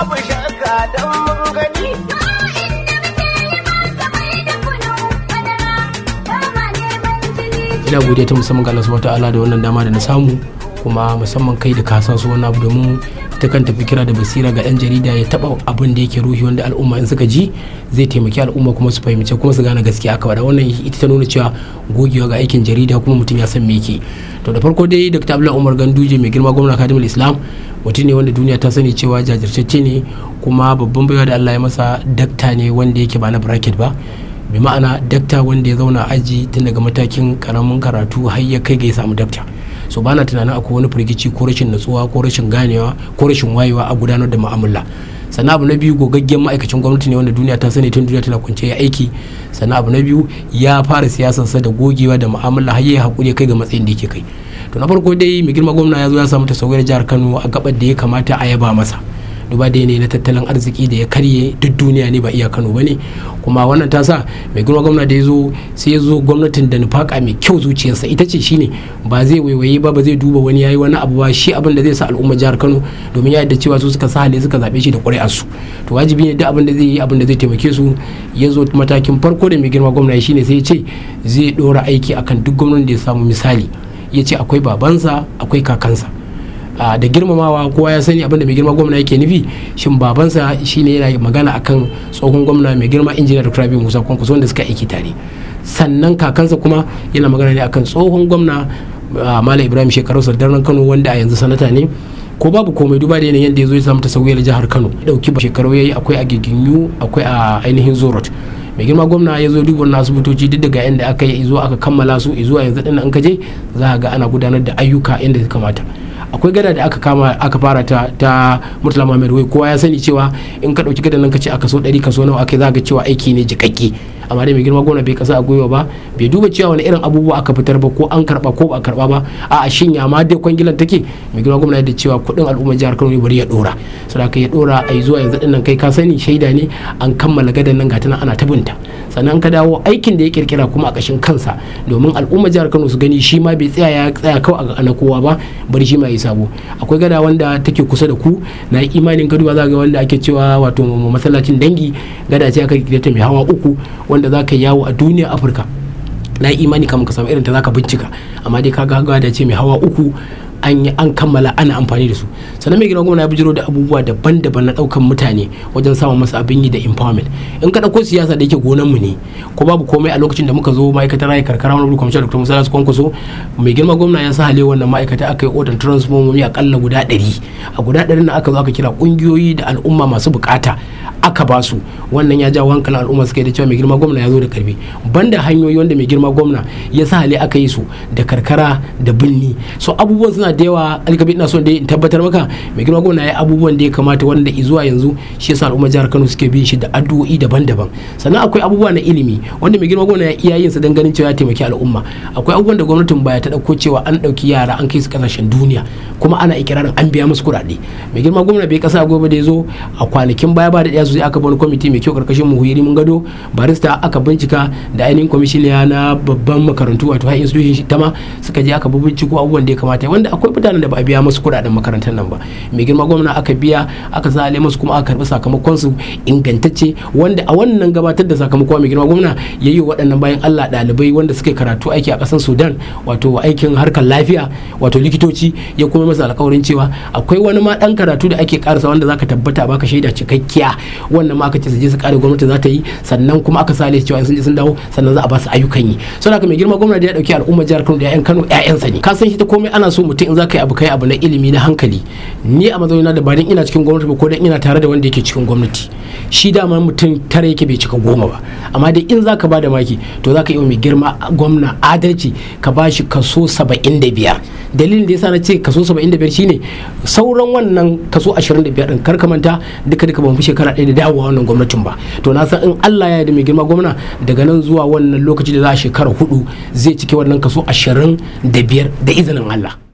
babu shakka don mun gani. ina godiya ta musamman ga Allah subhanahu da wannan dama da na samu kuma musamman kai da ka san su wannan abu domin ta kan tafi kira da basira ga 'yan jarida ya taba abin da yake ruhi wanda al'umma in suka ji zai taimaki al'umma kuma su fahimci kuma su gane gaskiya aka faɗa wannan ita ta nuna cewa gogewa ga aikin jarida kuma mutum ya san me yake to da farko dai dr abdullahi umar ganduje mai girma gwamna kadimul islam mutum ne wanda duniya ta sani cewa jajirtacce ne kuma babban baiwa da allah ya masa dakta ne wanda yake ba na bracket ba bi ma'ana dakta wanda ya zauna aji tun daga matakin karamin karatu har ya kai ga ya samu dakta so bana tunanin akwai wani firgici ko rashin natsuwa ko rashin ganewa ko rashin wayewa a gudanar da mu'amala sannan abu na biyu gogaggen ma'aikacin gwamnati ne wanda duniya ta sani tun duniya tana kwance ya aiki sannan abu na biyu ya fara siyasarsa da gogewa da mu'amala har yayi hakuri kai ga matsayin da yake kai to na farko dai mai girma gwamna ya zo ya samu tasawirar jihar kano a gabar da ya kamata a yaba masa duba da ne na tattalin arziki da ya karye duk duniya ne ba iya kano ba ne kuma wannan ta sa mai girma gwamna da ya zo sai ya zo gwamnatin da nufaka mai kyau zuciyarsa ita ce shine ba zai waiwaye ba ba zai duba wani yayi wani abu ba shi abin da zai sa al'umma jihar kano domin ya da cewa su suka sa hali suka zaɓe shi da ƙuri'arsu to wajibi ne duk abin da zai yi abin da zai taimake su ya zo matakin farko da mai girma gwamna shine sai ya ce zai ɗora aiki akan duk gwamnan da ya samu misali ya ce akwai babansa akwai kakansa da girmamawa kowa ya sani abinda mai girma gwamna yake nufi shin babansa shine yana magana akan tsohon gwamna mai girma injiniyar krabi Musa Kwankwaso wanda suka aiki tare sannan kakansa kuma yana magana ne akan tsohon gwamna Malam Ibrahim Shekaru Sardaran Kano wanda a yanzu sanata ne ko babu komai duba da yanayin yadda ya zo ya samu tasawiyar jihar Kano dauki ba shekaru yi akwai a Giginyu akwai a ainihin Zorot mai girma gwamna ya zo duba wannan asibitoci duk daga yadda aka yi zuwa aka kammala su zuwa yanzu ɗin an kaje za ga ana gudanar da ayyuka inda ya kamata akwai gada da aka kama aka fara ta ta murtala muhammad wai kowa ya sani cewa in ka dauki gadan nan ka ce a kaso 100 kaso nawa akai za ka cewa aiki ne jikakke amma dai mai girma gona bai kasa a gwiwa ba bai duba cewa wani irin abubuwa aka fitar ba ko an karba ko ba a karba ba a a shin ya ma dai kwangilan take mai girma gwamna da cewa kuɗin al'umma jihar Kano ne bari ya dora saboda ya dora a zuwa yanzu dinnan kai ka sani shaida ne an kammala gadan nan gata ana tabunta sannan ka dawo aikin da ya kirkira kuma a kashin kansa domin al'umma jihar kano su gani shi ma bai tsaya ya tsaya kawai a na kowa ba bari shi ma ya sabo akwai gada wanda take kusa da ku na imanin gaduwa za ga wanda ake cewa wato masallacin dangi gada ce aka kirkira mai hawa uku wanda za ka yawo a duniya afirka na imani kamar ka samu irin ta za ka bincika amma dai kaga gada ce mai hawa uku an yi an kammala ana amfani da su sannan mai gina gwamna ya bijiro da abubuwa daban-daban na daukan mutane wajen samun masu abin yi da empowerment in ka dauko siyasa da yake gonan mu ne ko babu komai a lokacin da muka zo ma'aikatar rayu karkara wani kwamishin dr musa su kwankwaso mai girma gwamna ya sahale wannan ma'aikata aka yi otan transformomi akalla guda ɗari a guda ɗari na aka zo aka kira ƙungiyoyi da al'umma masu bukata aka ba su wannan ya jawo hankalin al'umma suka yi da cewa mai girma gwamna ya zo da karbi banda hanyoyi wanda mai girma gwamna ya sa sahale aka yi su da karkara da binni so abubuwan suna da yawa alkabi na son da in tabbatar maka mai girma gwamna ya abubuwan da ya kamata wanda zuwa yanzu shi yasa al'ummar jihar Kano suke bin shi da addu'o'i daban-daban sannan akwai abubuwa na ilimi wanda mai girma gwamna ya iya yin sa ganin cewa ya taimaki al'umma akwai abubuwan da gwamnatin baya ta dauko cewa an dauki yara an kai su kasashen duniya kuma ana ikirarin an biya musu kuɗaɗe mai girma gwamna bai kasa gobe da ya zo a kwanakin baya ba da ɗaya sosai aka bani kwamiti mai kyau karkashin muhiri mun gado barista aka bincika da ainihin kwamishiniya na babban makarantu wato high institution ta ma suka je aka binciko abubuwan da ya kamata wanda akwai mutanen da ba a biya musu kuɗaɗen makarantar nan ba mai girma gwamna aka biya aka zale musu kuma aka karbi sakamakon su ingantacce wanda a wannan gabatar da sakamakon mai girma gwamna ya yi waɗannan bayan Allah ɗalibai wanda suke karatu aiki a ƙasar Sudan wato aikin harkar lafiya wato likitoci ya kuma masa alƙawarin cewa akwai wani ma ɗan karatu da ake karasa wanda zaka tabbata baka shaida cikakkiya wannan ma aka ce su je su kare gwamnati za ta yi sannan kuma aka sale cewa sun je sun dawo sannan za a ba su ayyukan yi saboda mai girma gwamna da ya dauki al'ummar jihar Kano da 'ya'yan 'ya'yansa ne ka san shi ta komai ana so mutum in za ka yi abu kai abu na ilimi na hankali ni a mazauni da ba ina cikin gwamnati ba ko dan ina tare da wanda yake cikin gwamnati shi dama mutum tare yake bai cika goma ba amma dai in za ka ba da maki to za ka yi mai girma gwamna adalci ka ba shi kaso saba'in da biyar dalilin da yasa na ce kaso saba'in da biyar shine sauran wannan kaso ashirin da biyar din kar ka manta duka duka ban fi shekara ɗaya da dawowa wannan gwamnatin ba to na san in Allah ya yarda mai girma gwamna daga nan zuwa wannan lokaci da za a shekara hudu zai cike wannan kaso ashirin da biyar da izinin Allah.